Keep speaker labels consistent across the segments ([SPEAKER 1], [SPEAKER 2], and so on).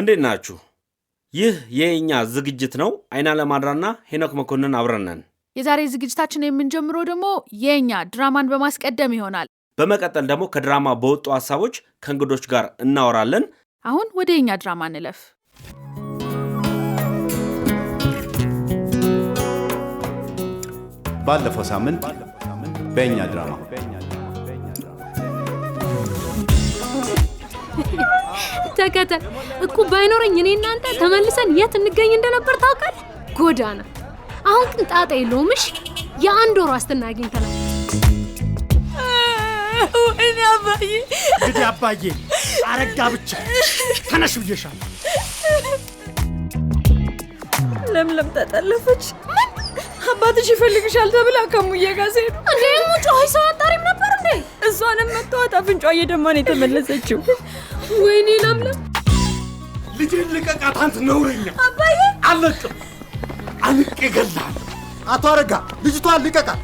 [SPEAKER 1] እንዴት ናችሁ? ይህ የእኛ ዝግጅት ነው። አይና ለማድራና ሄኖክ መኮንን አብረነን።
[SPEAKER 2] የዛሬ ዝግጅታችን የምንጀምረው ደግሞ የእኛ ድራማን በማስቀደም ይሆናል።
[SPEAKER 1] በመቀጠል ደግሞ ከድራማ በወጡ ሀሳቦች ከእንግዶች ጋር እናወራለን።
[SPEAKER 2] አሁን ወደ የእኛ ድራማ እንለፍ።
[SPEAKER 1] ባለፈው ሳምንት በእኛ ድራማ
[SPEAKER 2] ተከተ እኮ ባይኖረኝ እኔ እናንተ ተመልሰን የት እንገኝ እንደነበር ታውቃለህ? ጎዳና። አሁን ቅን ጣጣ የለውም። እሺ የአንድ ወር ዋስትና አግኝተናል። ወይኔ አባዬ፣
[SPEAKER 1] እንግዲህ አባዬ አረጋ ብቻ ተነሽ ብዬሻል።
[SPEAKER 2] ለምለም ተጠለፈች። አባትሽ ይፈልግሻል ተብላ ከሙዬ ጋር ሲሄዱ እንዴ ሙጮ ሰው አጣሪም ነበር እንዴ? እሷንም መተዋት አፍንጫ እየደማን የተመለሰችው ወይኔ ለምለም
[SPEAKER 1] ልጄን ልቀቃት! አንተ ነውረኛ! አባዬ አለቅም፣ አንቄ እገልሃለሁ። አቶ አረጋ ልጅቷን ልቀቃት!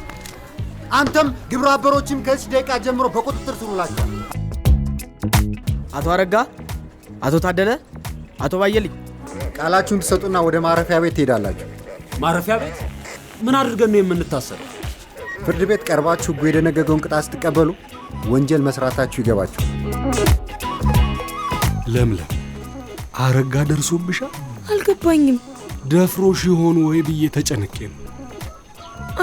[SPEAKER 1] አንተም ግብረ አበሮችም ከዚህ ደቂቃ ጀምሮ በቁጥጥር ስር ውላችኋል። አቶ አረጋ፣ አቶ ታደለ፣ አቶ ባየልኝ ቃላችሁን ትሰጡና ወደ ማረፊያ ቤት ትሄዳላችሁ። ማረፊያ ቤት ምን አድርገን ነው የምንታሰረው? ፍርድ ቤት ቀርባችሁ ሕጉ የደነገገውን ቅጣት ስትቀበሉ ወንጀል መስራታችሁ ይገባችሁ። ለምለም አረጋ ደርሶብሻል?
[SPEAKER 2] አልገባኝም።
[SPEAKER 1] ደፍሮሽ ይሆን ወይ ብዬ ተጨንቄ ነው።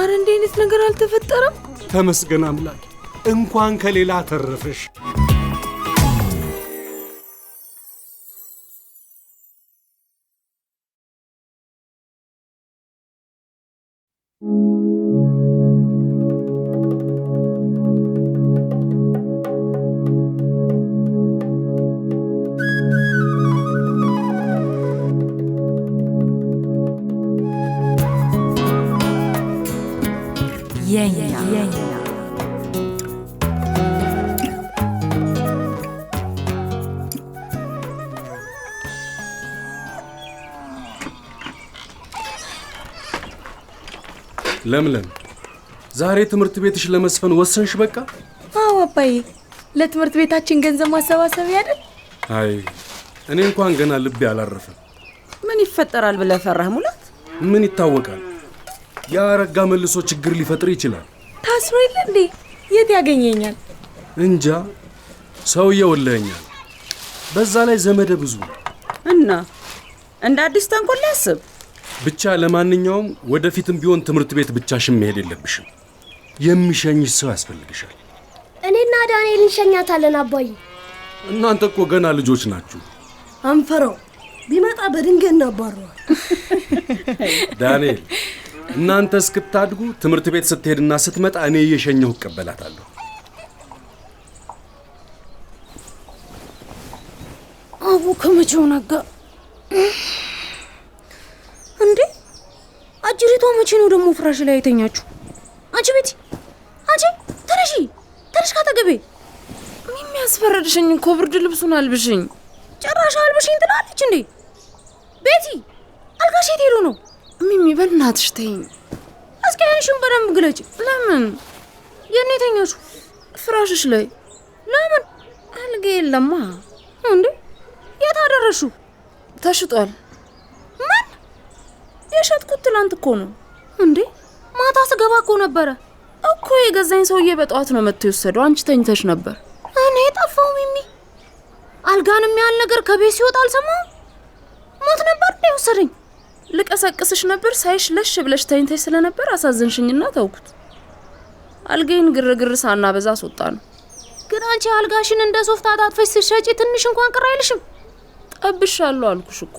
[SPEAKER 2] አረ እንዲህ አይነት ነገር አልተፈጠረም።
[SPEAKER 1] ተመስገን አምላክ፣ እንኳን ከሌላ ተረፈሽ። ለምለም ዛሬ ትምህርት ቤትሽ ለመስፈን ወሰንሽ? በቃ
[SPEAKER 2] አዎ አባዬ፣ ለትምህርት ቤታችን ገንዘብ ማሰባሰብ ያደል።
[SPEAKER 1] አይ እኔ እንኳን ገና ልቤ አላረፈም።
[SPEAKER 2] ምን ይፈጠራል ብለህ ፈራህ ሙላት?
[SPEAKER 1] ምን ይታወቃል፣ የአረጋ መልሶ ችግር ሊፈጥር ይችላል።
[SPEAKER 2] ታስሮ የለ እንዴ? የት ያገኘኛል?
[SPEAKER 1] እንጃ፣ ሰውዬው እልኸኛል። በዛ ላይ ዘመደ ብዙ
[SPEAKER 2] እና እንደ አዲስ ተንኮል ያስብ
[SPEAKER 1] ብቻ ለማንኛውም ወደፊትም ቢሆን ትምህርት ቤት ብቻሽን መሄድ የለብሽም። የሚሸኝሽ ሰው ያስፈልግሻል።
[SPEAKER 2] እኔና ዳንኤል እንሸኛታለን አባይ
[SPEAKER 1] እናንተ እኮ ገና ልጆች ናችሁ።
[SPEAKER 2] አንፈራው፣ ቢመጣ በድንገት እናባረዋል።
[SPEAKER 1] ዳንኤል፣ እናንተ እስክታድጉ ትምህርት ቤት ስትሄድና ስትመጣ እኔ እየሸኘሁ እቀበላታለሁ።
[SPEAKER 2] አቡ ከመቼው ነጋ? እንዴ አጅሪቷ መቼ ነው ደግሞ ፍራሽ ላይ የተኛችሁ? አንቺ ቤቲ፣ አንቺ ተነሺ፣ ተነሽ ካጠገቤ።
[SPEAKER 3] የሚያስፈረድሽኝ እኮ ብርድ ልብሱን አልብሽኝ።
[SPEAKER 2] ጭራሽ አልብሽኝ ትላለች እንዴ ቤቲ። አልጋሽ የት ሄዶ ነው?
[SPEAKER 3] ሚሚ፣ በእናትሽ ተይኝ።
[SPEAKER 2] እስኪ ዓይንሽን በደንብ ግለጭ። ለምን የኔ የተኛችሁ ፍራሽሽ ላይ ለምን? አልጋ የለማ እንዴ። የት አደረሹ? ተሽጧል። የሸጥኩት ትላንት እኮ ነው እንዴ! ማታ ስገባ እኮ ነበረ
[SPEAKER 3] እኮ የገዛኝ ሰውዬ በጠዋት ነው መጥቶ የወሰደው። አንቺ ተኝተሽ ነበር።
[SPEAKER 2] እኔ ጠፋው ሚሚ። አልጋን ያህል ነገር ከቤት ሲወጣ አልሰማ ሞት ነበር እንደ የወሰደኝ።
[SPEAKER 3] ልቀሰቅስሽ ነበር ሳይሽ ለሽ ብለሽ ተኝተሽ ስለነበር አሳዘንሽኝና ተውኩት። አልጋይን ግርግር ሳና በዛ አስወጣ ነው።
[SPEAKER 2] ግን አንቺ አልጋሽን እንደ ሶፍት አጣጥፈሽ ስትሸጪ ትንሽ እንኳን ቅር አይልሽም?
[SPEAKER 3] ጠብሻለሁ አልኩሽ እኮ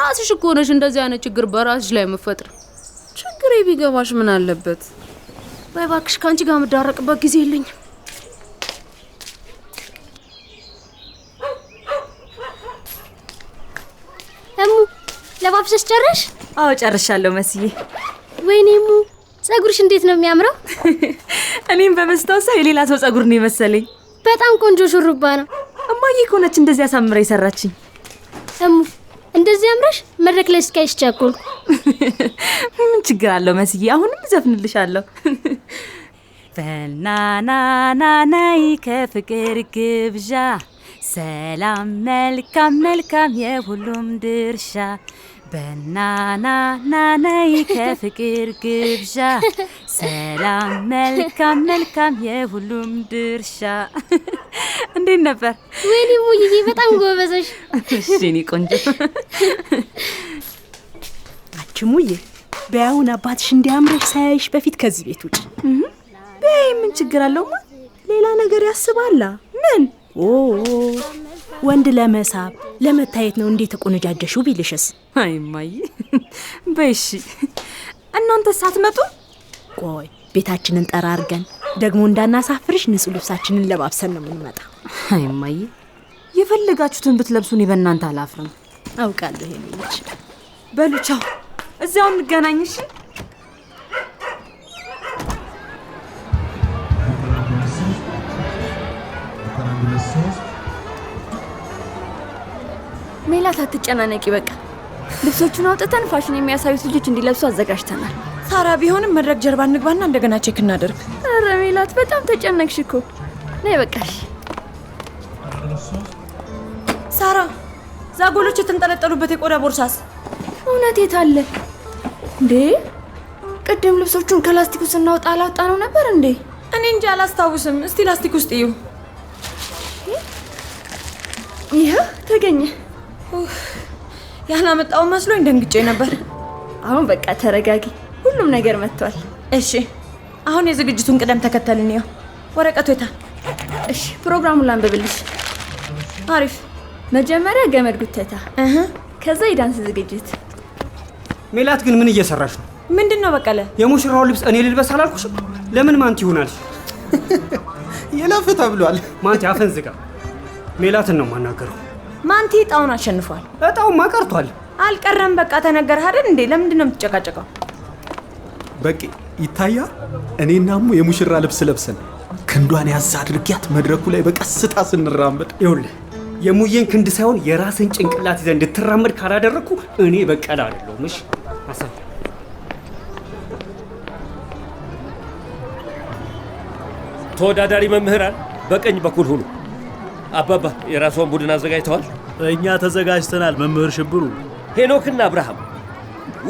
[SPEAKER 2] ራስሽ እኮ ነሽ እንደዚህ አይነት ችግር በራስሽ ላይ የምፈጥር።
[SPEAKER 3] ችግሬ ቢገባሽ ምን አለበት?
[SPEAKER 2] ወይ እባክሽ ከአንቺ ጋር የምዳረቅበት ጊዜ የለኝም። እሙ ለባብሰሽ ጨረሽ?
[SPEAKER 3] አዎ ጨርሻለሁ መስዬ።
[SPEAKER 2] ወይኔ እሙ ጸጉርሽ እንዴት ነው የሚያምረው!
[SPEAKER 3] እኔም በመስታወት ሳይ የሌላ ሰው ጸጉር ነው የመሰለኝ።
[SPEAKER 2] በጣም ቆንጆ ሹሩባ ነው።
[SPEAKER 3] እማዬ ከሆነች እንደዚህ አሳምረ የሰራችኝ
[SPEAKER 2] እሙ እንደዚህ አምረሽ መድረክ ላይ እስካይሽ ቸኩል።
[SPEAKER 3] ምን ችግር አለው መስዬ፣ አሁንም ዘፍንልሻለሁ። በናናናናይ ከፍቅር ግብዣ ሰላም መልካም መልካም የሁሉም ድርሻ በናና ናነይ ከፍቅር ግብዣ ሰላም መልካም መልካም የሁሉም ድርሻ። እንዴት ነበር?
[SPEAKER 2] ወይኔ ሙዬ በጣም ጎበዘሽ።
[SPEAKER 3] እሺ እኔ ቆንጆ
[SPEAKER 2] አች ሙዬ በያሁን አባትሽ እንዲያምረሽ ሳያይሽ በፊት ከዚህ ቤት ውጭ በይ። ምን ችግር አለውማ? ሌላ ነገር ያስባላ ምን ወንድ ለመሳብ ለመታየት ነው እንዴት ቆነጃጀሹ ቢልሽስ?
[SPEAKER 3] ማይ በሺ
[SPEAKER 2] እናንተ ሳትመጡ ቆይ ቤታችንን ጠራርገን ደግሞ እንዳናሳፍርሽ ንጹህ ልብሳችንን ለባብሰን ነው የምንመጣ። አይማይ የፈለጋችሁትን ብትለብሱ እኔ በእናንተ አላፍርም። አውቃለሁ ይሄን ልጅ። በሉቻው እዚያው እንገናኝሽ። ሜላት አትጨናነቂ። በቃ ልብሶቹን አውጥተን ፋሽን የሚያሳዩት ልጆች እንዲለብሱ አዘጋጅተናል።
[SPEAKER 3] ሳራ ቢሆንም መድረክ ጀርባ እንግባና እንደገና ቼክ እናደርግ።
[SPEAKER 2] ረ ሜላት በጣም ተጨነቅሽ እኮ ነይ በቃሽ።
[SPEAKER 3] ሳራ ዛጎሎች የተንጠለጠሉበት የቆዳ ቦርሳስ
[SPEAKER 2] እውነት የት አለ እንዴ? ቅድም ልብሶቹን ከላስቲኩ ስናወጣ አላወጣ ነው ነበር እንዴ?
[SPEAKER 3] እኔ እንጂ አላስታውስም። እስቲ ላስቲክ ውስጥ እዩ።
[SPEAKER 2] ይህ ተገኘ። ያላመጣውን መስሎኝ ደንግጬ ነበር። አሁን በቃ ተረጋጊ፣ ሁሉም ነገር መጥቷል።
[SPEAKER 3] እሺ፣ አሁን የዝግጅቱን ቅደም ተከተል እንየው። ወረቀቱ የታ? እሺ፣ ፕሮግራሙን ላንብብልሽ። አሪፍ። መጀመሪያ ገመድ ጉተታ፣
[SPEAKER 2] ከዛ የዳንስ ዝግጅት።
[SPEAKER 1] ሜላት ግን ምን እየሰራሽ ነው?
[SPEAKER 3] ምንድን ነው በቀለ?
[SPEAKER 1] ልብስ እኔ ልልበስ አላልኩሽ? ለምን ማንት ይሆናል? የላፈታ ብሏል። ማንት አፈንዝጋ ሜላትን ነው የማናገረው።
[SPEAKER 3] ማንቲ እጣውን አሸንፏል።
[SPEAKER 1] እጣውማ ቀርቷል።
[SPEAKER 3] አልቀረም፣ በቃ ተነገር አይደል እንዴ? ለምንድን ነው የምትጨቃጨቀው?
[SPEAKER 1] በቂ ይታያ። እኔና እሙ የሙሽራ ልብስ ለብሰን ክንዷን ያዝ አድርጊያት መድረኩ ላይ በቀስታ ስንራመድ ይኸውልህ፣ የሙዬን ክንድ ሳይሆን የራስን ጭንቅላት ይዘ እንድትራመድ ካላደረግኩ እኔ በቀል አይደለሁም። እሺ ተወዳዳሪ መምህራን በቀኝ በኩል ሁኑ። አባባ የራስዎን ቡድን አዘጋጅተዋል? እኛ ተዘጋጅተናል። መምህር ሽብሩ፣ ሄኖክና አብርሃም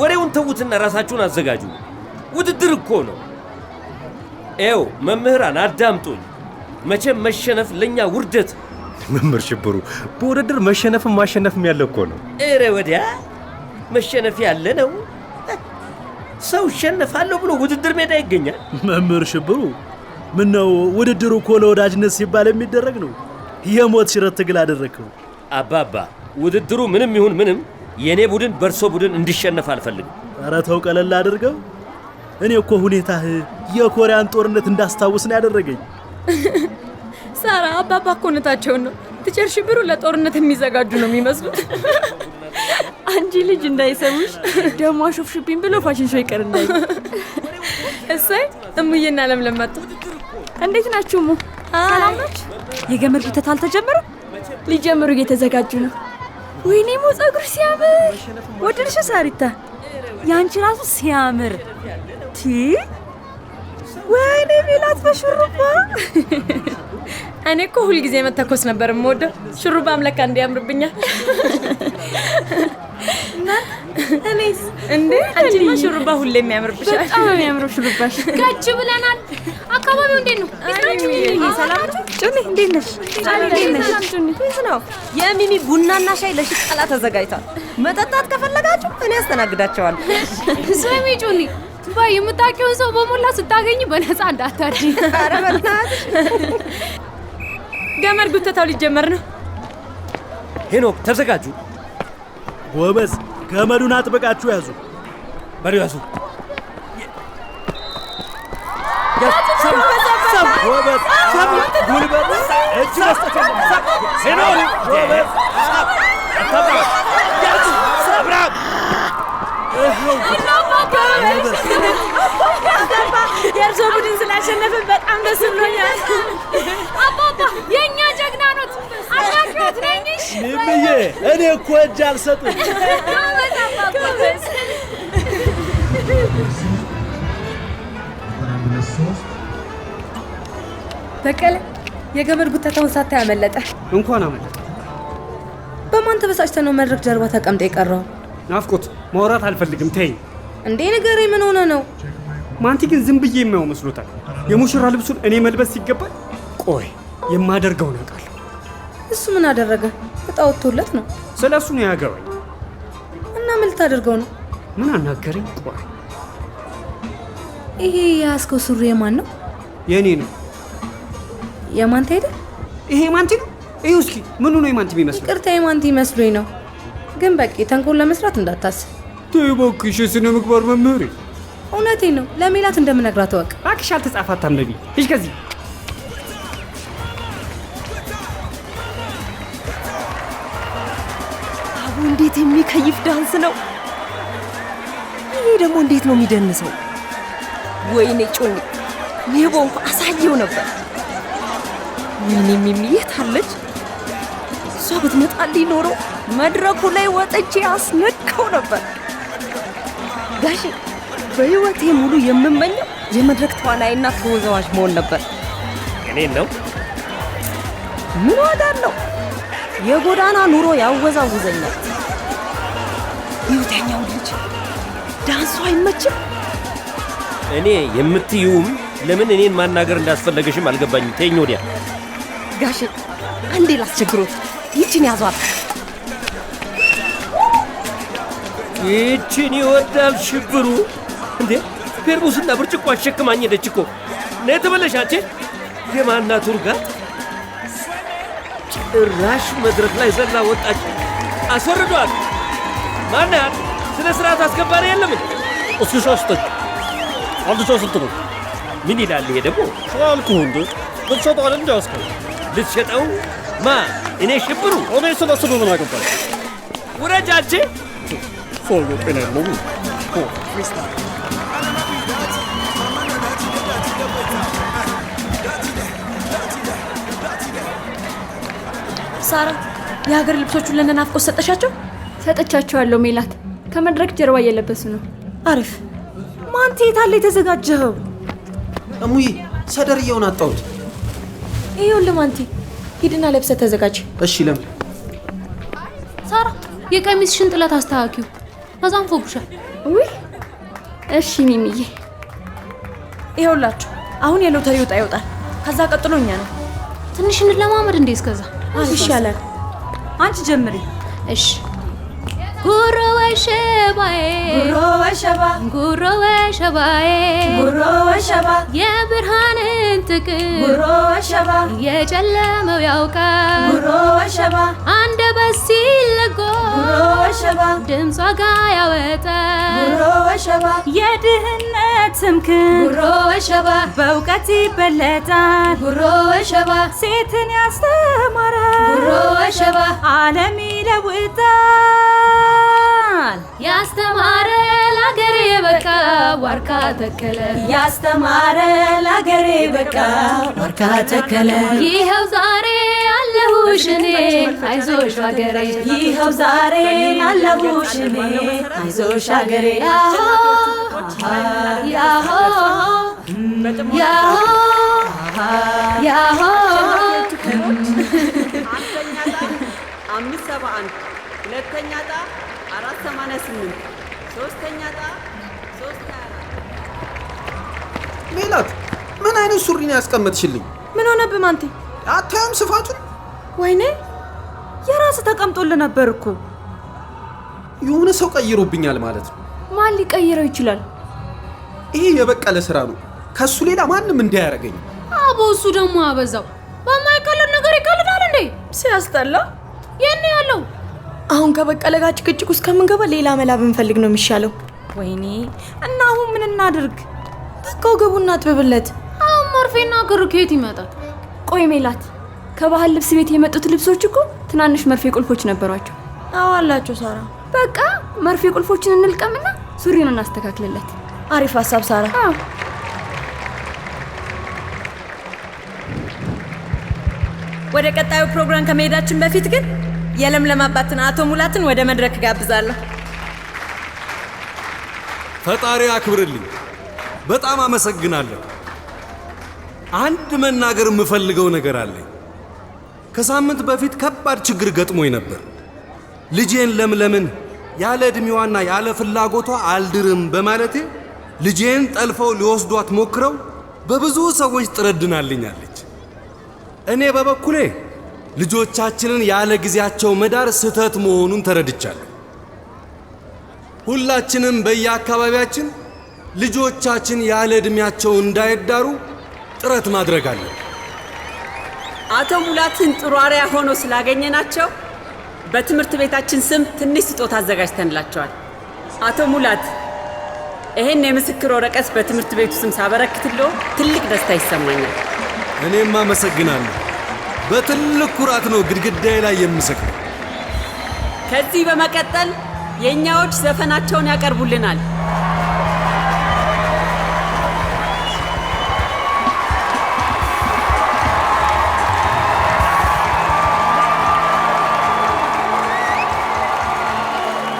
[SPEAKER 1] ወሬውን ተዉትና ራሳችሁን አዘጋጁ። ውድድር እኮ ነው። ኤው መምህራን አዳምጡኝ። መቼም መሸነፍ ለእኛ ውርደት። መምህር ሽብሩ፣ በውድድር መሸነፍም ማሸነፍም ያለ እኮ ነው። እረ ወዲያ መሸነፍ ያለ ነው። ሰው እሸነፋለሁ ብሎ ውድድር ሜዳ ይገኛል? መምህር ሽብሩ፣ ምነው ውድድሩ እኮ ለወዳጅነት ሲባል የሚደረግ ነው። የሞት ሽረት ትግል አደረግከው። አባባ ውድድሩ ምንም ይሁን ምንም የእኔ ቡድን በእርሶ ቡድን እንዲሸነፍ አልፈልግም። ኧረ ተው ቀለል አድርገው። እኔ እኮ ሁኔታህ የኮሪያን ጦርነት እንዳስታውስ ነው ያደረገኝ።
[SPEAKER 3] ሳራ አባባ እኮ እውነታቸውን ነው። ትጨርሽ ብሩ ለጦርነት የሚዘጋጁ ነው የሚመስሉት።
[SPEAKER 2] አንቺ ልጅ እንዳይሰሙሽ ደግሞ አሾፍሽብኝ ብሎ ፋሽን ሾው ይቀር እንዳይ።
[SPEAKER 3] እሰይ እሙዬና ለምለም መጡ።
[SPEAKER 2] እንዴት ናችሁ? ሰላም የገመድ ጉተት አልተጀመረም? ሊጀምሩ እየተዘጋጁ ነው። ወይኔ ሞ ጸጉር ሲያምር ወደድሽ? ሳሪታ ያንቺ ራሱ ሲያምር ቲ ወይኔ ሜላት በሹሩባ
[SPEAKER 3] እኔ እኮ ሁልጊዜ መተኮስ ነበር የምወደው። ሹሩባም ለካ እንዲያምርብኛል። እኔስ እንዴ
[SPEAKER 2] አንቺማ ሹሩባ ሁሌ የሚያምርብሻል።
[SPEAKER 3] በጣም የሚያምረው ሹሩባሽ።
[SPEAKER 2] ጋጭ ብለናል። አካባቢው እንዴት ነው? የሚሚ ቡናና ሻይ ለሽቀላ ተዘጋጅቷል። መጠጣት ከፈለጋችሁ እኔ አስተናግዳቸዋለሁ። ስሚ ጩኒ ባይ የምታውቂውን ሰው በሞላ ስታገኝ በነፃ
[SPEAKER 3] ኧረ በእናትሽ ገመድ ጉተታው ሊጀመር ነው።
[SPEAKER 1] ሄኖክ ተዘጋጁ ጎበዝ ገመዱን አጥብቃችሁ ያዙ። በሬው ያዙ።
[SPEAKER 2] የእርሶ ቡድን ስላሸነፍን በጣም ደስ ብሎኛል። አባባ የእኛ ጀግና ኖት። አድናቂዎት ነኝ።
[SPEAKER 1] እኔ እኮ እጅ አልሰጥም
[SPEAKER 3] በቀለ የገመድ ጉተታውን ሳታ ያመለጠ እንኳን አመለጠ። በማን ተበሳጭተ ነው መድረክ ጀርባ ተቀምጠ የቀረው?
[SPEAKER 1] ናፍቆት ማውራት አልፈልግም ተይኝ።
[SPEAKER 3] እንዴ ነገር ምን ሆነ ነው?
[SPEAKER 1] ማንቲ ግን ዝም ብዬ የማየው መስሎታል። የሙሽራ ልብሱን እኔ መልበስ ሲገባል፣ ቆይ የማደርገውን አውቃለሁ።
[SPEAKER 3] እሱ ምን አደረገ? እጣ ወጥቶለት ነው።
[SPEAKER 1] ስለ እሱ ነው ያገባኝ
[SPEAKER 3] ምን ልታደርገው ነው?
[SPEAKER 1] ምን አናገረኝ? ቆይ
[SPEAKER 3] ይሄ የያዝከው ሱሪ የማን ነው? የእኔ ነው። የማንተ ሄደ?
[SPEAKER 1] ይሄ ማንቲ ነው። ይህ እስኪ ምኑ ነው የማንቲ የሚመስለው? ይቅርታ የማንቲ ይመስሉኝ ነው።
[SPEAKER 3] ግን በቂ ተንኮል ለመስራት እንዳታስብ።
[SPEAKER 1] ተይ እባክሽ የስነ ምግባር መምህሬ።
[SPEAKER 3] እውነቴ ነው። ለሜላት እንደምነግራት እወቅ
[SPEAKER 1] እባክሽ። አልተጻፋታም ነቢ። እሽ ከዚህ
[SPEAKER 2] እንዴት የሚከይፍ ዳንስ ነው! ይሄ ደግሞ እንዴት ነው የሚደንሰው! ወይኔ ጮኒ ሌቦንኩ አሳየው ነበር። ይህኔ የሚምየት አለች እሷ ብትመጣልኝ ኖሮ መድረኩ ላይ ወጥቼ አስነድከው ነበር። ጋሽ በህይወቴ ሙሉ የምመኘው የመድረክ ተዋናይና ተወዛዋዥ መሆን ነበር። እኔ ነው? ምን ዋጋ አለው? የጎዳና ኑሮ ያወዛውዘኛል። ይውተኛው ልጅ ዳንሱ አይመችም።
[SPEAKER 1] እኔ የምትይውም ለምን እኔን ማናገር እንዳስፈለገሽም አልገባኝም። ተይኝ ወዲያ።
[SPEAKER 2] ጋሽ አንዴ ላስቸግሮት፣ ይችን ያዟት።
[SPEAKER 1] ይችን ይወዳል ሽብሩ። እንዴ ፌርሙስና ብርጭቆ አሸክማኝ ሄደች እኮ። ነይ ተመለሽ አንቺ። የማናት ውርጋት! ጭራሽ መድረክ ላይ ዘላ ወጣች። አስወርዷል። ማናት ስነ ስርዓት አስከባሪ የለም እስኪ ሻስጠቅ አንድ ሰው ስንት ነው? ምን ይላል ይሄ ደግሞ? አልኩህ እንደ ልትሸጠዋል እንዲ አስከ ልትሸጠው ማ እኔ ሽብሩ እኔ ስለ ስሉ ምን አገባል? ውረጅ አንቺ ሰውዬው ጤና ያለው
[SPEAKER 2] ሳራ የሀገር ልብሶቹን ለነናፍቆት ሰጠሻቸው?
[SPEAKER 3] ሰጥቻቸዋለሁ። ሜላት ከመድረክ ጀርባ እየለበሱ ነው።
[SPEAKER 2] አሪፍ ማንቴ፣ የታለ የተዘጋጀኸው?
[SPEAKER 1] እሙዬ፣ ሰደርየውን አጣሁት።
[SPEAKER 2] ይኸውልህ ማንቴ፣ ሂድና ለብሰ ተዘጋጅ። እሺ። ለምን? ሳራ፣ የቀሚስሽን ጥለት አስተካኪው፣ ከዛም ፎብሻ ውይ፣ እሺ ሚሚዬ።
[SPEAKER 3] ይኸውላችሁ አሁን የሎተሪ ውጣ ይወጣል። ከዛ ቀጥሎ እኛ ነው።
[SPEAKER 2] ትንሽ እንለማመድ እንዴ እስከዛ
[SPEAKER 3] ይሻላል። አንቺ ጀምሪ።
[SPEAKER 2] እሺ ጉሮ ሸባዬ ጉሮወይ ሸባዬ የብርሃንን ጥቅም የጨለመው ያውቃል አንደበት ሲለጎስ ድምጿ ጋ ያወጣል የድህነት ስምክን በእውቀት ይበለጣል ሴትን ያስተማራል ዓለም ይለውጣል ይሆናል። ያስተማረ ላገሬ በቃ ዋርካ ተከለ
[SPEAKER 4] ያስተማረ ላገሬ በቃ ዋርካ ተከለ
[SPEAKER 2] ይኸው ዛሬ አለሁሽ እኔ አይዞሽ ዋገሬ
[SPEAKER 4] ይኸው ዛሬ አለሁሽ እኔ አይዞሽ ዋገሬ
[SPEAKER 2] ያሆ ያሆ ያሆ ያሆ አምስት ሰባ አንድ ሁለተኛ ጣ
[SPEAKER 1] አራት ሰማንያ ስምንት ሶስተኛ ዕጣ ሜላት፣ ምን አይነት ሱሪ ነው ያስቀመጥሽልኝ?
[SPEAKER 3] ምን ሆነብህ ማንቴ?
[SPEAKER 1] አታዩም ስፋቱን?
[SPEAKER 3] ወይኔ የራስ ተቀምጦል ነበር እኮ።
[SPEAKER 1] የሆነ ሰው ቀይሮብኛል ማለት ነው።
[SPEAKER 3] ማን ሊቀይረው ይችላል?
[SPEAKER 1] ይሄ የበቀለ ስራ ነው። ከሱ ሌላ ማንም እንዳያደርገኝ?
[SPEAKER 2] አቦ እሱ ደግሞ አበዛው። በማይቀለድ ነገር ይቀልዳል እንዴ!
[SPEAKER 3] ሲያስጠላ አሁን ከበቀለ ጋር ውስጥ ከምንገባ ሌላ መላ ብንፈልግ ነው የሚሻለው። ወይኔ እና አሁን ምን እናድርግ? በቃ ገቡና ጥብብለት
[SPEAKER 2] አሁን መርፌና ክር ከየት ይመጣል?
[SPEAKER 3] ቆይ ሜላት፣ ከባህል ልብስ ቤት የመጡት ልብሶች እኮ ትናንሽ መርፌ ቁልፎች ነበሯቸው።
[SPEAKER 2] አዎ አላቸው ሳራ። በቃ መርፌ ቁልፎችን እንልቀምና
[SPEAKER 3] ሱሪን እናስተካክልለት።
[SPEAKER 2] አሪፍ ሀሳብ ሳራ።
[SPEAKER 3] ወደ ቀጣዩ ፕሮግራም ከመሄዳችን በፊት ግን የለምለም አባትን አቶ ሙላትን ወደ መድረክ ጋብዛለሁ።
[SPEAKER 1] ፈጣሪ አክብርልኝ። በጣም አመሰግናለሁ። አንድ መናገር የምፈልገው ነገር አለኝ። ከሳምንት በፊት ከባድ ችግር ገጥሞኝ ነበር። ልጄን ለምለምን ያለ ዕድሜዋና ያለ ፍላጎቷ አልድርም በማለቴ ልጄን ጠልፈው ሊወስዷት ሞክረው በብዙ ሰዎች ጥረድናልኛለች። እኔ በበኩሌ ልጆቻችንን ያለ ጊዜያቸው መዳር ስህተት መሆኑን ተረድቻለሁ። ሁላችንም በየአካባቢያችን ልጆቻችን ያለ ዕድሜያቸው እንዳይዳሩ ጥረት ማድረግ አለን።
[SPEAKER 3] አቶ ሙላትን ጥሩ አርአያ ሆኖ ስላገኘናቸው በትምህርት ቤታችን ስም ትንሽ ስጦታ አዘጋጅተንላቸዋል። አቶ ሙላት ይህን የምስክር ወረቀት በትምህርት ቤቱ ስም ሳበረክትሎ ትልቅ ደስታ ይሰማኛል።
[SPEAKER 1] እኔም አመሰግናለሁ። በትልቅ ኩራት ነው ግድግዳዬ ላይ የምሰቅለው።
[SPEAKER 3] ከዚህ በመቀጠል የእኛዎች ዘፈናቸውን ያቀርቡልናል።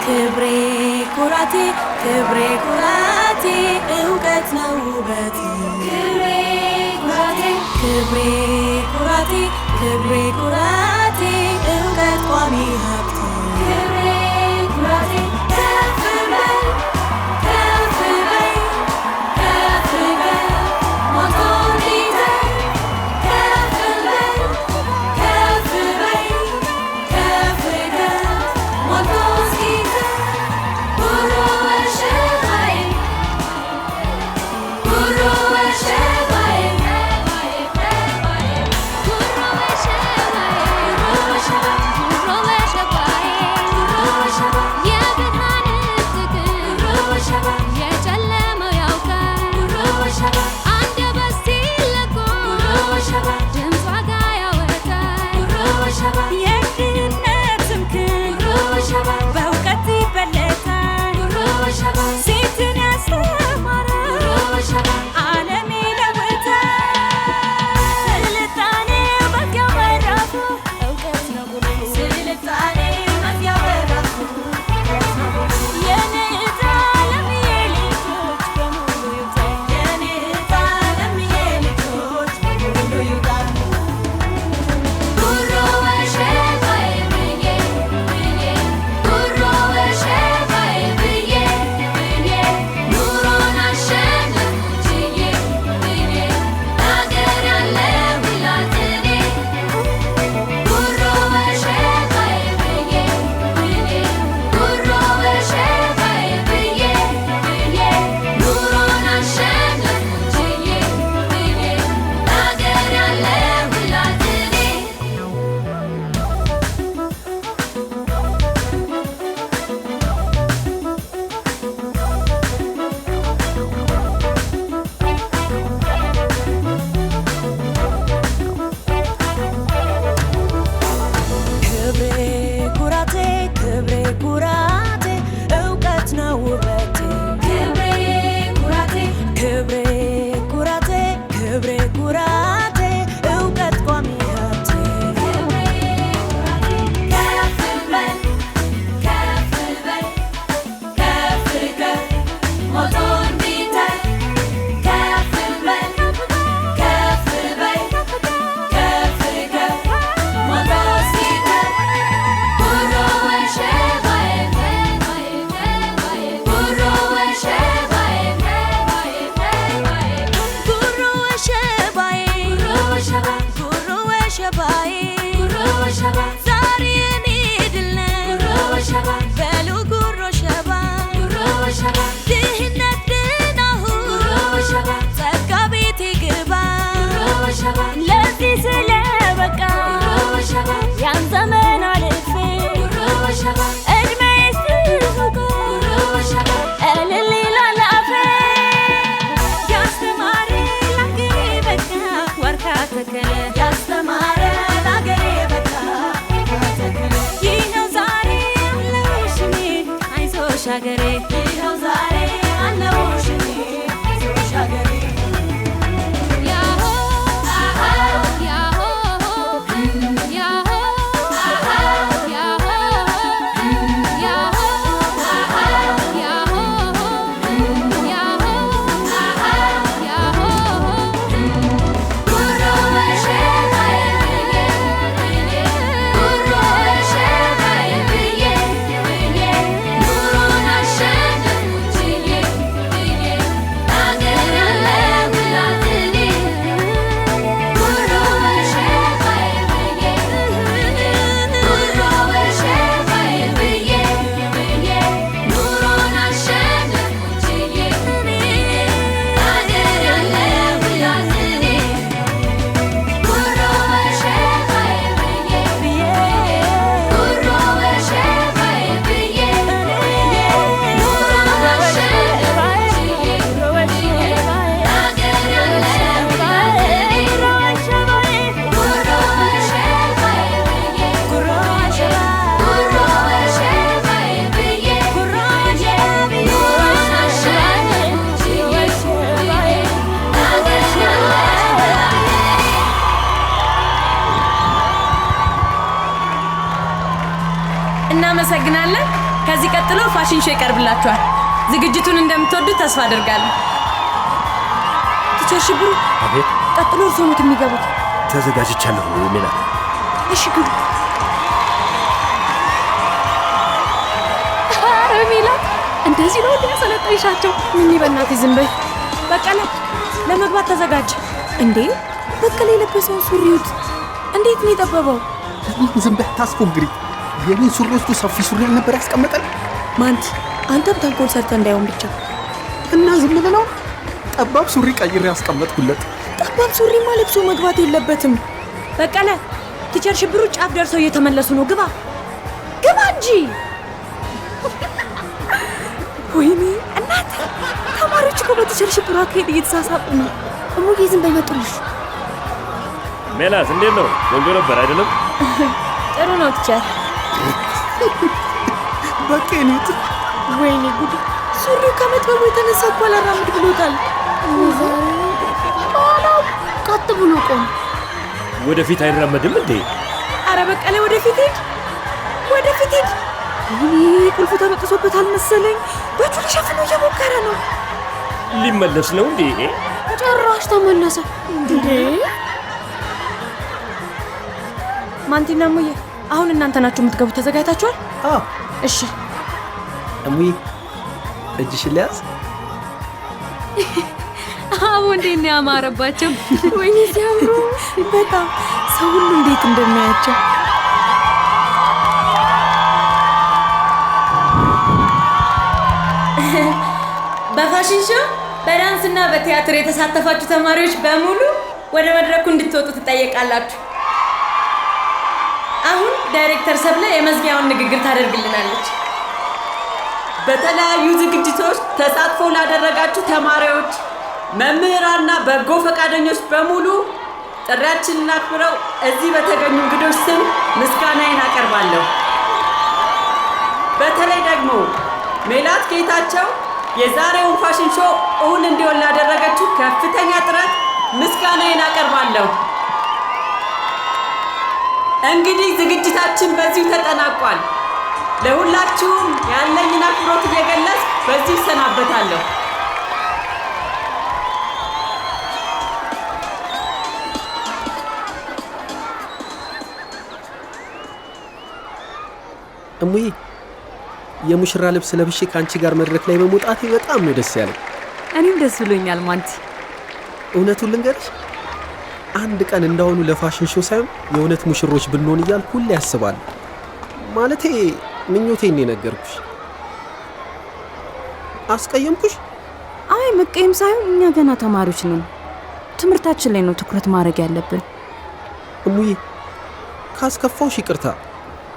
[SPEAKER 2] ክብሬ ኩራቴ፣ ክብሬ ኩራቴ፣ እውቀት ነው ውበት።
[SPEAKER 4] ክብሬ ኩራቴ፣
[SPEAKER 2] ክብሬ ኩራቴ ክብሬ ኩራቴ እውቀት ቋሚ
[SPEAKER 3] ትንሹ ይቀርብላችኋል። ዝግጅቱን እንደምትወዱት ተስፋ አድርጋለሁ።
[SPEAKER 2] ቲቸር ሽብሩ፣ አቤት። ቀጥሎ እርስዎ ኖት የሚገቡት።
[SPEAKER 1] ተዘጋጅቻለሁ ሜላት።
[SPEAKER 2] እሺ ግቡ። ኧረ ሜላት፣ እንደዚህ ነው እንዲያሰለጠንሻቸው።
[SPEAKER 3] ሚኒ፣ በእናትህ ዝም በይ።
[SPEAKER 2] በቀለ፣ ለመግባት ተዘጋጅ። እንዴ በቀለ የለበሰውን ሱሪዩት እንዴት ነው የጠበበው?
[SPEAKER 1] ዝም በይ አታስፎ። እንግዲህ የኔን ሱሪ ውስጡ ሰፊ ሱሪ አልነበር ያስቀመጠን
[SPEAKER 3] ማንቲ አንተም ተንኮል ሰርተ እንዳይሆን ብቻ
[SPEAKER 1] እና ዝም ብለው ጠባብ ሱሪ ቀይሬ ያስቀመጥኩለት።
[SPEAKER 2] ጠባብ ሱሪማ ለብሶ መግባት የለበትም። በቀለ ቲቸር ሽብሩ ጫፍ ደርሰው እየተመለሱ ነው። ግባ ግባ እንጂ። ወይኔ እናት ተማሪዎች እኮ በቲቸር ሽብሩ አካሄድ እየተሳሳቁ ነው።
[SPEAKER 3] እሙጌ ዝም በይ
[SPEAKER 1] ሜላስ እንዴት ነው? ቆንጆ ነበር አይደለም?
[SPEAKER 3] ጥሩ ነው ቲቸር
[SPEAKER 1] በቃ ኔት
[SPEAKER 2] ወይኔ ጉድ! ሱሪው ከመጥበቡ የተነሳ እኮ አላራምድ ብሎታል። ቀጥ ብሎ ቆም።
[SPEAKER 1] ወደፊት አይራመድም እንዴ?
[SPEAKER 2] አረ በቀለ ወደፊት ሂድ፣ ወደፊት ሂድ። ይህ ቁልፉ ተበጥሶበታል መሰለኝ። በእጁ ሊሸፍኖ እየሞከረ ነው።
[SPEAKER 1] ሊመለስ ነው እንዴ?
[SPEAKER 2] ጨራሽ ተመለሰ
[SPEAKER 3] እንዴ? ማንቲና ሙዬ፣ አሁን እናንተ ናችሁ የምትገቡት። ተዘጋጅታችኋል? እሺ
[SPEAKER 1] እሙይ እጅሽን ሊያዝ
[SPEAKER 2] አቦ እንዴት ነው ያማረባቸው! ወይኔ ሲያምሩ!
[SPEAKER 3] በጣም ሰው ሁሉ እንዴት እንደሚያያቸው በፋሽን ሾው በዳንስና በቲያትር የተሳተፋችሁ ተማሪዎች በሙሉ ወደ መድረኩ እንድትወጡ ትጠየቃላችሁ። ዳይሬክተር ሰብለ የመዝጊያውን ንግግር ታደርግልናለች። በተለያዩ ዝግጅቶች ተሳትፎ ላደረጋችሁ ተማሪዎች፣ መምህራንና በጎ ፈቃደኞች በሙሉ ጥሪያችንን አክብረው እዚህ በተገኙ እንግዶች ስም ምስጋናዬን አቀርባለሁ። በተለይ ደግሞ ሜላት ጌታቸው የዛሬውን ፋሽን ሾው እውን እንዲሆን ላደረገችው ከፍተኛ ጥረት ምስጋናዬን አቀርባለሁ። እንግዲህ ዝግጅታችን በዚሁ ተጠናቋል። ለሁላችሁም ያለኝን አክብሮት እየገለጽ በዚህ ይሰናበታለሁ።
[SPEAKER 1] እሙዬ የሙሽራ ልብስ ለብሼ ከአንቺ ጋር መድረክ ላይ በመውጣቴ በጣም ነው ደስ ያለኝ።
[SPEAKER 3] እኔም ደስ ብሎኛል ማንቲ።
[SPEAKER 1] እውነቱን ልንገርሽ አንድ ቀን እንዳሁኑ ለፋሽን ሾው ሳይሆን የእውነት ሙሽሮች ብንሆን እያል ሁሉ ያስባል። ማለቴ ምኞቴን የነገርኩሽ። አስቀየምኩሽ?
[SPEAKER 3] አይ መቀየም ሳይሆን እኛ ገና ተማሪዎች ነን። ትምህርታችን ላይ ነው ትኩረት ማድረግ ያለብን።
[SPEAKER 1] እሙዬ ካስከፋውሽ ይቅርታ።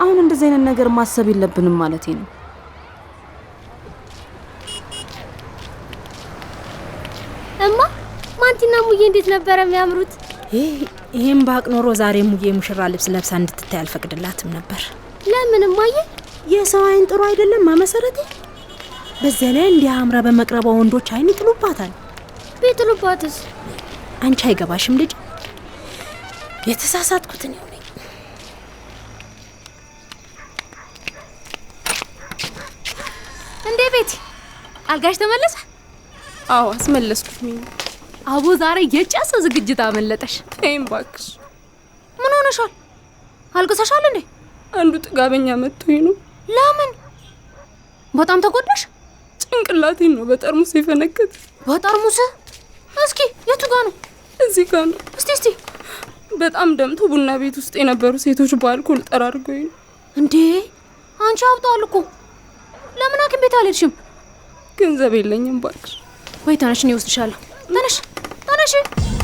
[SPEAKER 3] አሁን እንደዚህ አይነት ነገር ማሰብ የለብንም ማለቴ ነው።
[SPEAKER 2] እማ ማንቲና ሙዬ እንዴት ነበረ የሚያምሩት! ይህም በአቅ ኖሮ ዛሬ ሙዬ የሙሽራ ልብስ ለብሳ እንድትታይ አልፈቅድላትም ነበር። ለምን ማየ? የሰው አይን ጥሩ አይደለም መሰረቴ። በዚያ ላይ እንዲህ አምራ በመቅረቧ ወንዶች አይን ይጥሉባታል። ቢጥሉባትስ? አንቺ አይገባሽም ልጅ። የተሳሳትኩትን ይሆነ እንዴ ቤት አልጋሽ ተመለሰ?
[SPEAKER 3] አዎ አስመለስኩት።
[SPEAKER 2] አቦ ዛሬ የጨሰ ዝግጅት አመለጠሽ።
[SPEAKER 3] ተይም ባክሽ።
[SPEAKER 2] ምን ሆነሻል? አልቅሰሻል እንዴ?
[SPEAKER 3] አንዱ ጥጋበኛ መጥቶኝ ነው።
[SPEAKER 2] ለምን? በጣም ተጎዳሽ?
[SPEAKER 3] ጭንቅላቴን ነው በጠርሙስ የፈነከት።
[SPEAKER 2] በጠርሙስ? እስኪ የቱ ጋ ነው? እዚህ ጋ ነው። እስቲ እስቲ።
[SPEAKER 3] በጣም ደምቶ ቡና ቤት ውስጥ የነበሩ ሴቶች በአልኮል ጠራርጎኝ ነው።
[SPEAKER 2] እንዴ አንቺ አብጧል እኮ። ለምን ሐኪም ቤት አልሄድሽም?
[SPEAKER 3] ገንዘብ የለኝም ባክሽ።
[SPEAKER 2] ወይ ተነሽ፣ እኔ እወስድሻለሁ። ተነሽ 是。